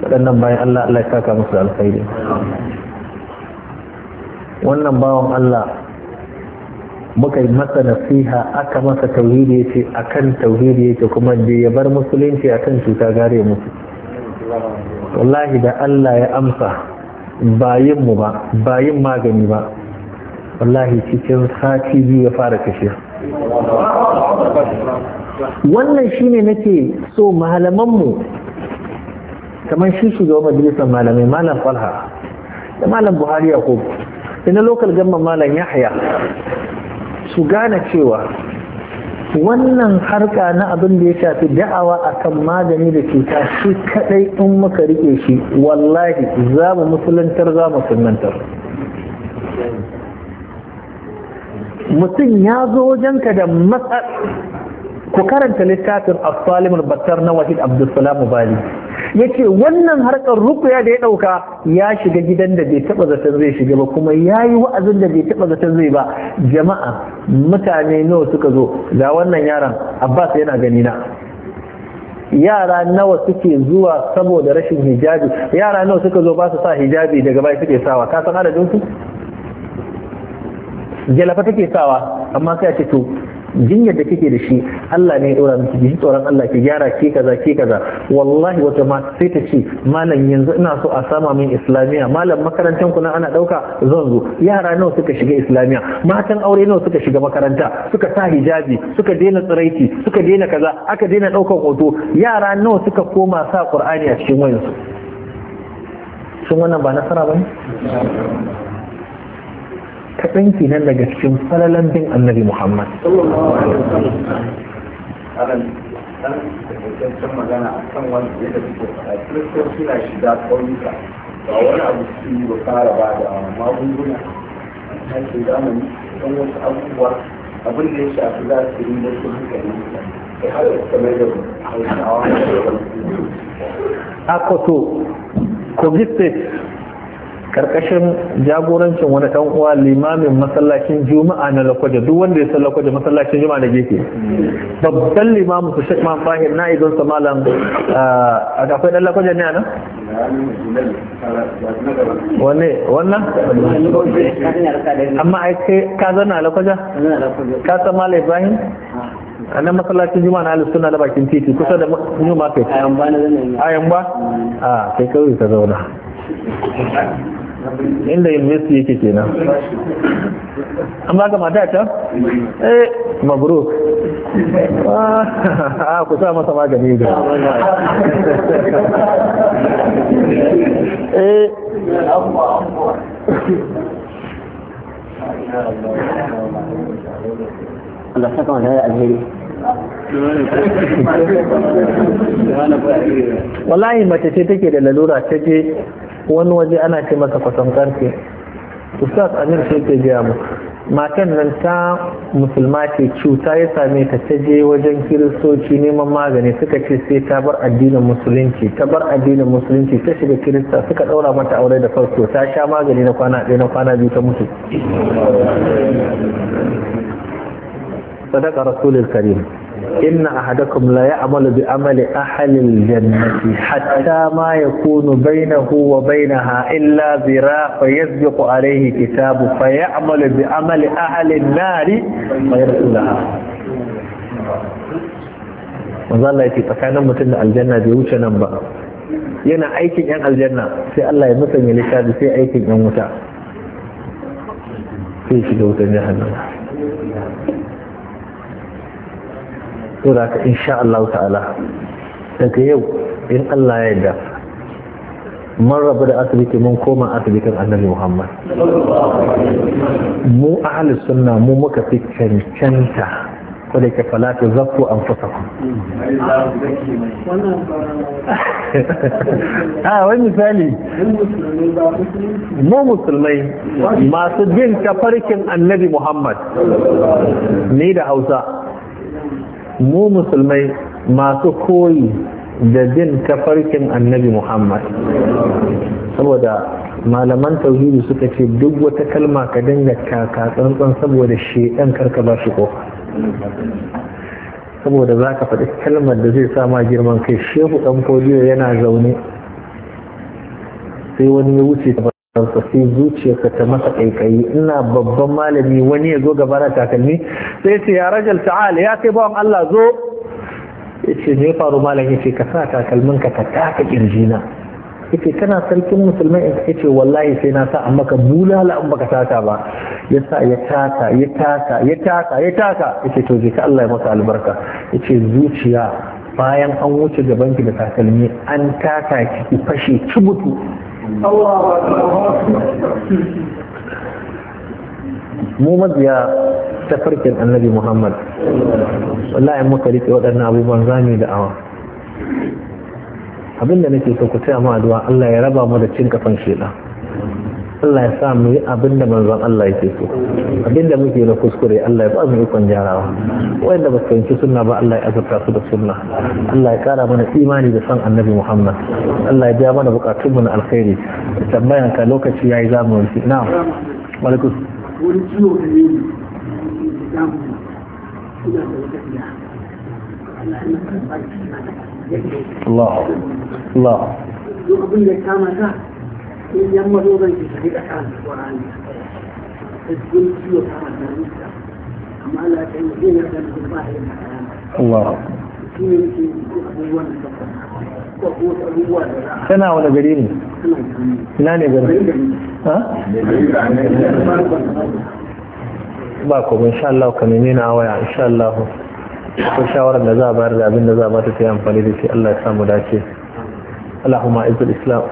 waɗannan bayan allah allah ya kaka musu alfaidi wannan bawan allah muka yi masa nasiha aka masa tauhidi ya ce a kan tauhidi ya ce kuma je ya bar musulunci a kan cuta gare musu wallahi da allah ya amsa bayinmu mu ba bayin magani ba wallahi cikin sati biyu ya fara kashe wannan shi ne nake so malamanmu kamar shi shugaban majalisar malamai malam falha da malam buhari yakub da na lokal gamma malam Yahaya su gane cewa wannan harka na abin da ya shafi da'awa a kan magani da cuta shi kadai in muka rike shi wallahi za mu musulantar za mu sunantar mutum ya zo wajenka da matsar ku karanta littafin asalimin battar na wahid abdulsalam bali ya ce wannan harkar rukuya da ya ɗauka ya shiga gidan da bai taɓa zaton zai shiga ba kuma ya yi wa'azin da bai taɓa zaton zai ba jama'a mutane nawa suka zo ga wannan yaran abbas yana gani na yara nawa suke zuwa saboda rashin hijabi yara nawa suka zo ba su sa hijabi daga bai suke sawa ka san adadin su jalafa take sawa amma sai a ce to jinyar da kike da shi Allah ne ya dora miki ji tsoron Allah ki gyara ke kaza ke kaza wallahi wata ma sai ta ce malam yanzu ina so a sama min islamiya malam makarantar ku nan ana dauka zan zo yara nawa suka shiga islamiya matan aure nawa suka shiga makaranta suka sa hijabi suka daina tsiraiti suka daina kaza aka daina daukar hoto yara nawa suka koma sa qur'ani a cikin wayansu shin wannan ba nasara bane kaɗan kenan daga cikin falalan bin annabi muhammad magana a kan wanda ya da suke faɗa suna shiga ba ba ke zamani wasu abubuwa abin da shafi za su yi da a karkashin jagorancin wani dan uwa limamin masallacin juma'a na lakwaje duk wanda ya san lakwaje masallacin juma'a da gefe babban limamin su shek man fahim na idon sa malam a ah, akwai dan lakwaje ne anan wanne wannan amma ai kai ka zana lakwaje ka san malam ibrahim a nan masallacin juma'a na halittu suna da bakin titi kusa da new market ayan ba a ah, kai kawai ka zauna inda yin university yake kenan an ba ga mata can? eh mabruk a ah, [LAUGHS] ah, ku sa masa magani ga [LAUGHS] eh Allah saka wani alheri wallahi mace ce take da lalura ta je wani waje ana ce masa kwasan karfe ustaz amir sai ke gaya mu matan nan ta musulma ce cuta ya same ta ta je wajen kiristoci neman magani suka ce sai ta bar addinin musulunci ta bar addinin musulunci ta shiga kirista suka ɗaura mata aure da farko ta sha magani na kwana ɗaya na kwana biyu ta mutu sadaka rasulul karim inna ahadakum la ya'malu bi amali ahli al-jannati hatta ma yakunu bainahu wa bainaha illa zira fa yasbiqu alayhi kitabu fa ya'malu bi amali ahli an-nari fa yarsudaha manzo Allah yake tsakanin mutum da aljanna bai wuce nan ba yana aikin yan aljanna sai Allah ya musanya littafi sai aikin yan wuta sai shiga wutan jahannama to ka insha Allah ta'ala daga yau in Allah ya yarda mun rabu da asibiti mun koma asibitin annabi Muhammad mu ahli sunna mu muka fi cancanta ko da ke falata an fasa ku a [LAUGHS] ah, wani misali mu musulmai masu bin tafarkin annabi Muhammad ni da hausa mu musulmai masu koyi da bin tafarkin annabi muhammad saboda malaman tauhidi suka ce duk wata kalma ka dinga kaka tsantsan saboda shedan karka ba shi kofa saboda za ka faɗi kalmar da zai sama girman kai shehu ɗan kodiyo yana zaune sai wani ya wuce ka sai zuciyarsa ta masa ƙaiƙayi ina babban malami wani ya zo gaba na takalmi sai ce ya rajal ta'al ya kai bawan Allah zo ya ce me faru malam ya ce ka sa takalmin ka ta taka kirjina ya ce kana sarkin musulmai ya ce wallahi sai na sa amma ka bulala in baka taka ba ya sa ya taka ya taka ya taka ya taka ya ce to je ka Allah ya masa albarka ya ce zuciya bayan an wuce ki da takalmi an taka ki fashe ki mutu mu mabiya tafarkin annabi muhammad wallahi muka rike waɗannan abubuwan mu da awa abinda nake so ku taya mu addu'a Allah ya raba mu da cin kafan shedan Allah ya sa mu yi abin da manzon Allah yake so abin da muke na kuskure Allah ya ba mu ikon jarawa wanda ba su fahimci sunna ba Allah ya azurta su da sunna Allah ya kara mana imani da san annabi Muhammad Allah ya biya mana bukatun mu na alkhairi tambayan ka lokaci yayi za mu yi na malaikus wani ciwo da ne Allah Allah in yan mazo da kan ciwo ta wannan amma ta yi zai da Allah shi ne ke abubuwan da ko ko abubuwa da wani gari ne ne ba ko insha Allah ka nemi waya insha Allah ko shawarar da za a bayar da abin za a ba ta yi amfani da shi Allah ya samu dace اللهم اعز الاسلام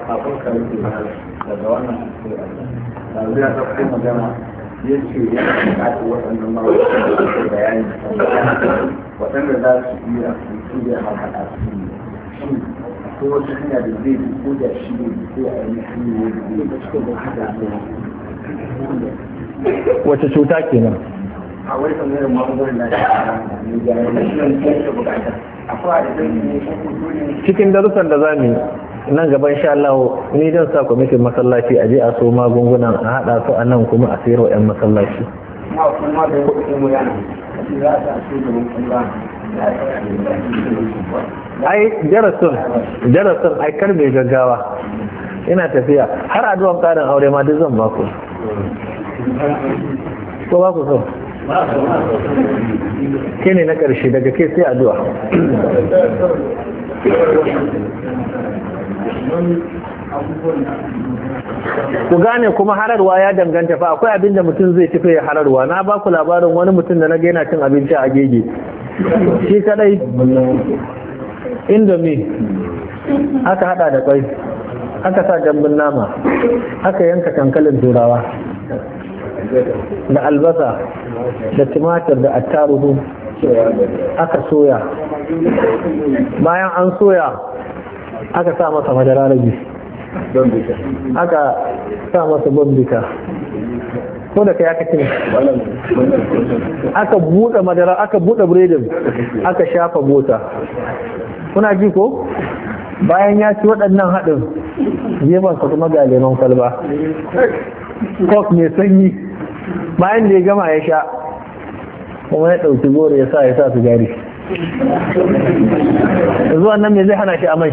wata cuta kenan a wai sanar magungunan da ya akwai a da cikin darussan da za mu yi nan gaba insha Allah ni zan sa kwamitin masallaci a je a so magungunan a hada su a nan kuma a sayarwa yan masallaci ai jarasun jarasun ai kar mai gaggawa ina tafiya har addu'an karin aure ma duk zan baku ko ba ku so ke ne na ƙarshe daga ke sai addu'a ku gane kuma hararwa ya danganta fa akwai abinda mutum zai tafi ya hararwa na ba ku labarin wani mutum da na gaina cin abinci a gege shi kadai indomi aka hada da kwai aka sa dambun nama aka yanka kankalin turawa da albasa da tumatir da attaruhu aka soya bayan an soya aka sa masa madara rabi aka sa masa bambika ko da kai aka cire aka buɗe madara aka buɗe biredin aka shafa bota kuna ji ko bayan ya ci waɗannan haɗin jefansa kuma ga lemon kwalba kok mai sanyi bayan da ya gama ya sha kuma ya ɗauki gore ya sa ya sa gari zuwan nan mai zai hana shi amai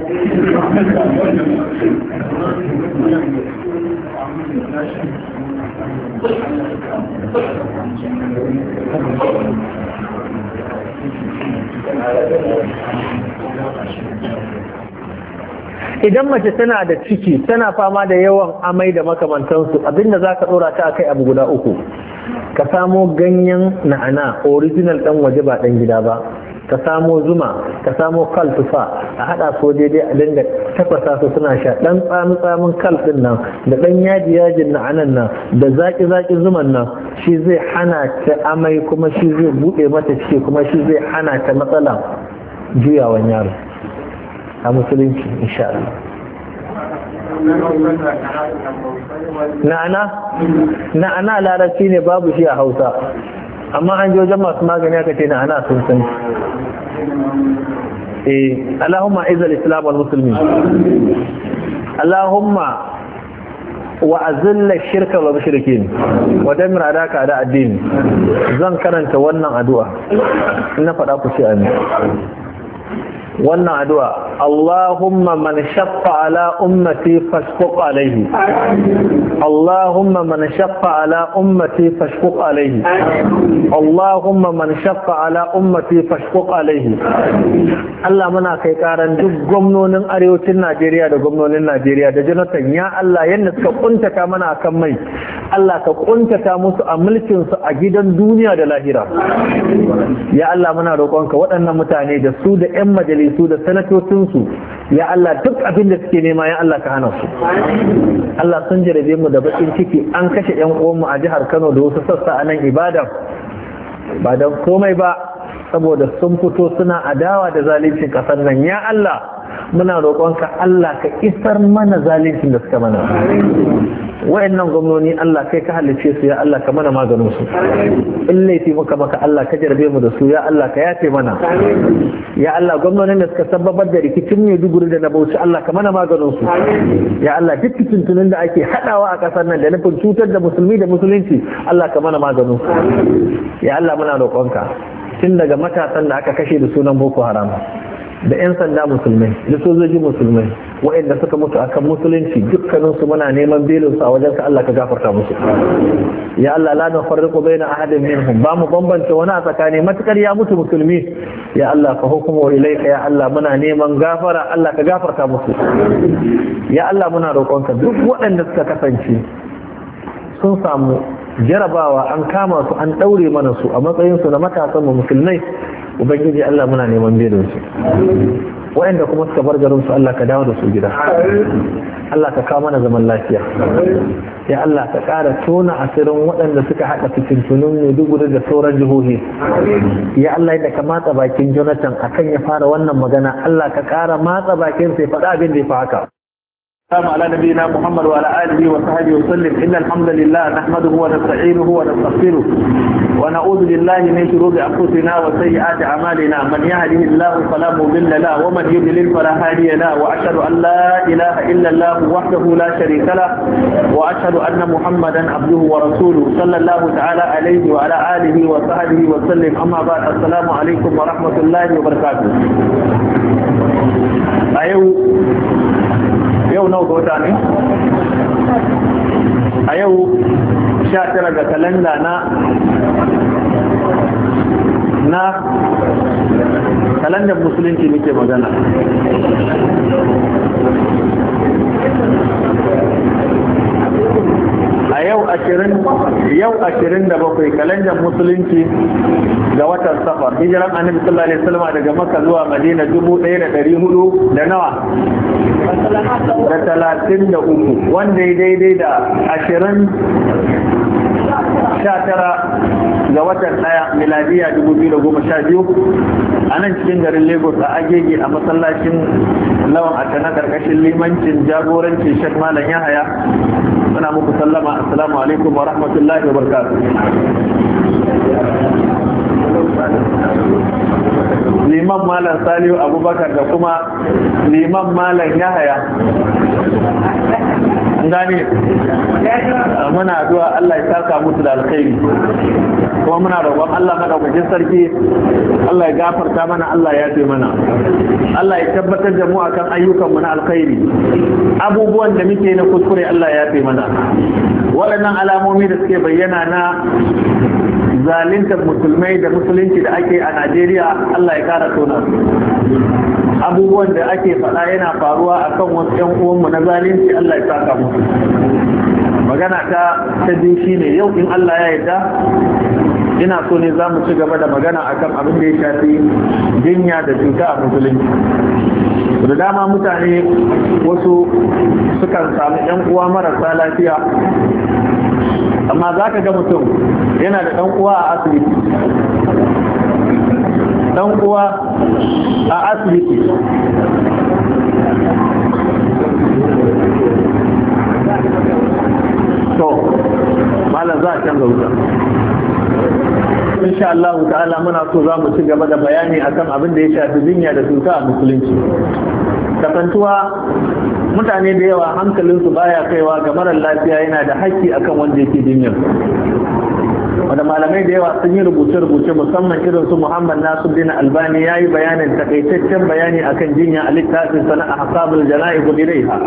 idan mace tana da ciki tana fama da yawan amai da makamantansu abinda za ka ɗora ta kai abu guda uku ka samo ganyen na'ana original ɗan waje ba ɗan gida ba ka samo zuma ka samo kal tufa a haɗa ko daidai a dinga tafasa su suna sha ɗan tsamin tsamin kal nan da ɗan yaji yajin na anan nan da zaƙi zaki zuman nan shi zai hana ta amai kuma shi zai buɗe mata ciki kuma shi zai hana ta matsala juyawan yaro a musulunci insha Allah na'ana na'ana larabci ne babu shi a hausa amma an je wajen masu magani aka ce na ana sun sun eh Allahumma izal islam wal muslimin Allahumma wa azilla shirka wal mushrikin wa damir adaka da addini zan karanta wannan addu'a in na faɗa ku shi amin wannan addu'a Allahumma man shaffa ala ummati fashquq alaihi Allahumma man shaffa ala ummati fashquq alaihi Allahumma man shaffa ala ummati fashquq alaihi Allah muna kai karan duk gwamnonin arewacin Najeriya da gwamnonin Najeriya da Jonathan ya Allah yadda suka kuntata mana akan mai Allah ka kuntata musu a mulkin su a gidan duniya da lahira ya Allah muna roƙonka waɗannan mutane da su da 'yan majalisa majalisu da sanatocinsu ya Allah duk abin da suke nema ya Allah ka hana su Allah sun jarabe mu da bakin ciki an kashe yan uwanmu a jihar Kano da wasu sassa a nan ibadan ba don komai ba saboda sun fito suna adawa da zalincin kasar nan ya Allah muna roƙonka Allah ka isar mana zalincin da suka mana nan gwamnoni Allah kai ka halice su ya Allah ka mana maganin su in laifi muka maka Allah ka jarbe mu da su ya Allah ka yafe mana ya Allah gwamnonin da suka sababar da rikicin duguri da na Bauchi Allah ka mana maganin su ya Allah duk fitintunin da ake hadawa a kasar nan da nufin cutar da musulmi da musulunci Allah ka mana maganin su ya Allah muna roƙonka tun daga matasan da aka kashe da sunan boko haram da 'yan sanda musulmai da sojoji musulmai waɗanda suka mutu akan musulunci dukkaninsu muna neman belinsu a wajen ka Allah ka gafarta musu ya Allah la nufarriqu baina ahadin minhum ba mu bambanta wani a tsakani matukar ya mutu musulmi ya Allah fa hukmu ilayka ya Allah muna neman gafara Allah ka gafarta musu ya Allah muna roƙonka duk waɗanda suka kasance sun samu jarabawa an kama su an daure mana su a matsayin su na matasan mu musulmai ubangiji Allah muna neman bedon su waɗanda kuma suka bar garin su Allah ka dawo da su gida Allah ka kawo mana zaman lafiya ya Allah ka ƙara tona asirin waɗanda suka haɗa fitintunin Maiduguri da sauran jihohi ya Allah yadda ka matsa bakin Jonathan akan ya fara wannan magana Allah ka ƙara matsa bakin sai faɗa abin da ya fi haka السلام على نبينا محمد وعلى آله وصحبه وسلم إن الحمد لله نحمده ونستعينه ونستغفره ونعوذ بالله من شرور أنفسنا وسيئات أعمالنا من يهده الله فلا مضل له ومن يضلل فلا هادي له وأشهد أن لا إله إلا الله وحده لا شريك له وأشهد أن محمدا عبده ورسوله صلى الله تعالى عليه وعلى آله وصحبه وسلم أما بعد السلام عليكم ورحمة الله وبركاته أيوه yau nawa ga wata ne a yau sha tara ga kalanda na na kalandar musulunci muke magana a yau ashirin yau ashirin da bakwai kalandar musulunci ga watan safar hijiran annabi sallallahu alaihi wasallam daga makka zuwa madina dubu ɗaya da ɗari hudu da nawa da talatin da uku wanda ya daidai da ashirin sha tara ga watan ɗaya miladiya 2012 a nan cikin garin lagos a agege a masallacin lawan a kana karkashin limancin jagorancin shek malam yahaya muna muku sallama assalamu alaikum wa rahmatullahi wa barakatuh liman malam salihu abubakar da kuma liman malam yahaya gane ah, muna zuwa Allah ya saka musu da alkhairi kuma muna roƙon Allah madaukakin sarki Allah ya gafarta mana Allah ya ce mana Allah ya tabbatar da mu akan ayyukan na alkhairi abubuwan da muke na kuskure Allah ya ce mana waɗannan alamomi da suke bayyana na zalintar musulmai da musulunci da ake a najeriya allah ya kara tona abubuwan da ake faɗa yana faruwa a kan wasu yan uwanmu na zalunci allah ya saka musu magana ta ta shi shine yau in allah ya yarda ina so ne za mu ci gaba da magana akan abin da ya shafi jinya da cuta a musulunci da dama mutane wasu sukan samu 'yan uwa marasa lafiya amma za ka ga mutum yana da ɗan uwa a asibiti ɗan a asibiti to malam za a canza wuta insha Allah ta'ala muna so za mu ci gaba da bayani akan abin da ya shafi jinya da cuta a musulunci kasantuwa mutane da yawa hankalinsu baya kaiwa ga marar lafiya yana da haƙƙi akan wanda yake jinyar wanda malamai da yawa sun yi rubuce-rubuce musamman irin su Muhammad Nasiruddin Albani ya yi bayanin takaitaccen bayani akan jinya a littafin sana a hasabul jana'i gudiraiha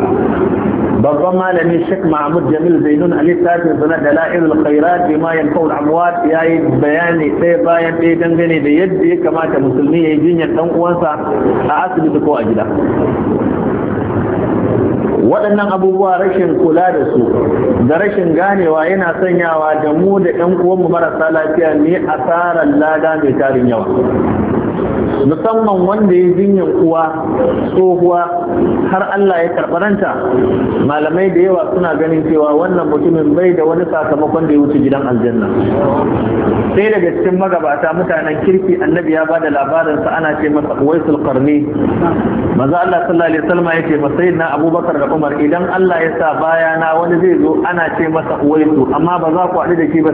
babban malami Sheikh Mahmud Jamil Zainun a littafin sana da la'irul khairat bima yanfa'ul amwat ya yi bayani ɗaya bayan ɗaya dangane da yadda ya kamata musulmi ya yi jinyar ɗan uwansa a asibiti ko a gida waɗannan abubuwa rashin kula da su da rashin ganewa yana sanyawa da mu da ɗan uwanmu marasa lafiya ne asarar lada mai tarin yawa musamman wanda ya jinyar uwa tsohuwa har Allah ya karbaranta malamai da yawa suna ganin cewa wannan mutumin bai da wani sakamakon da ya wuce gidan aljanna sai daga cikin magabata mutanen kirki annabi ya bada labarin sa ana ce masa waisul qarni manzo Allah sallallahu alaihi wasallam ya ce masa sayyidina Abubakar da Umar idan Allah ya sa bayana wani zai zo ana ce masa waisu amma ba za ku haɗu da shi ba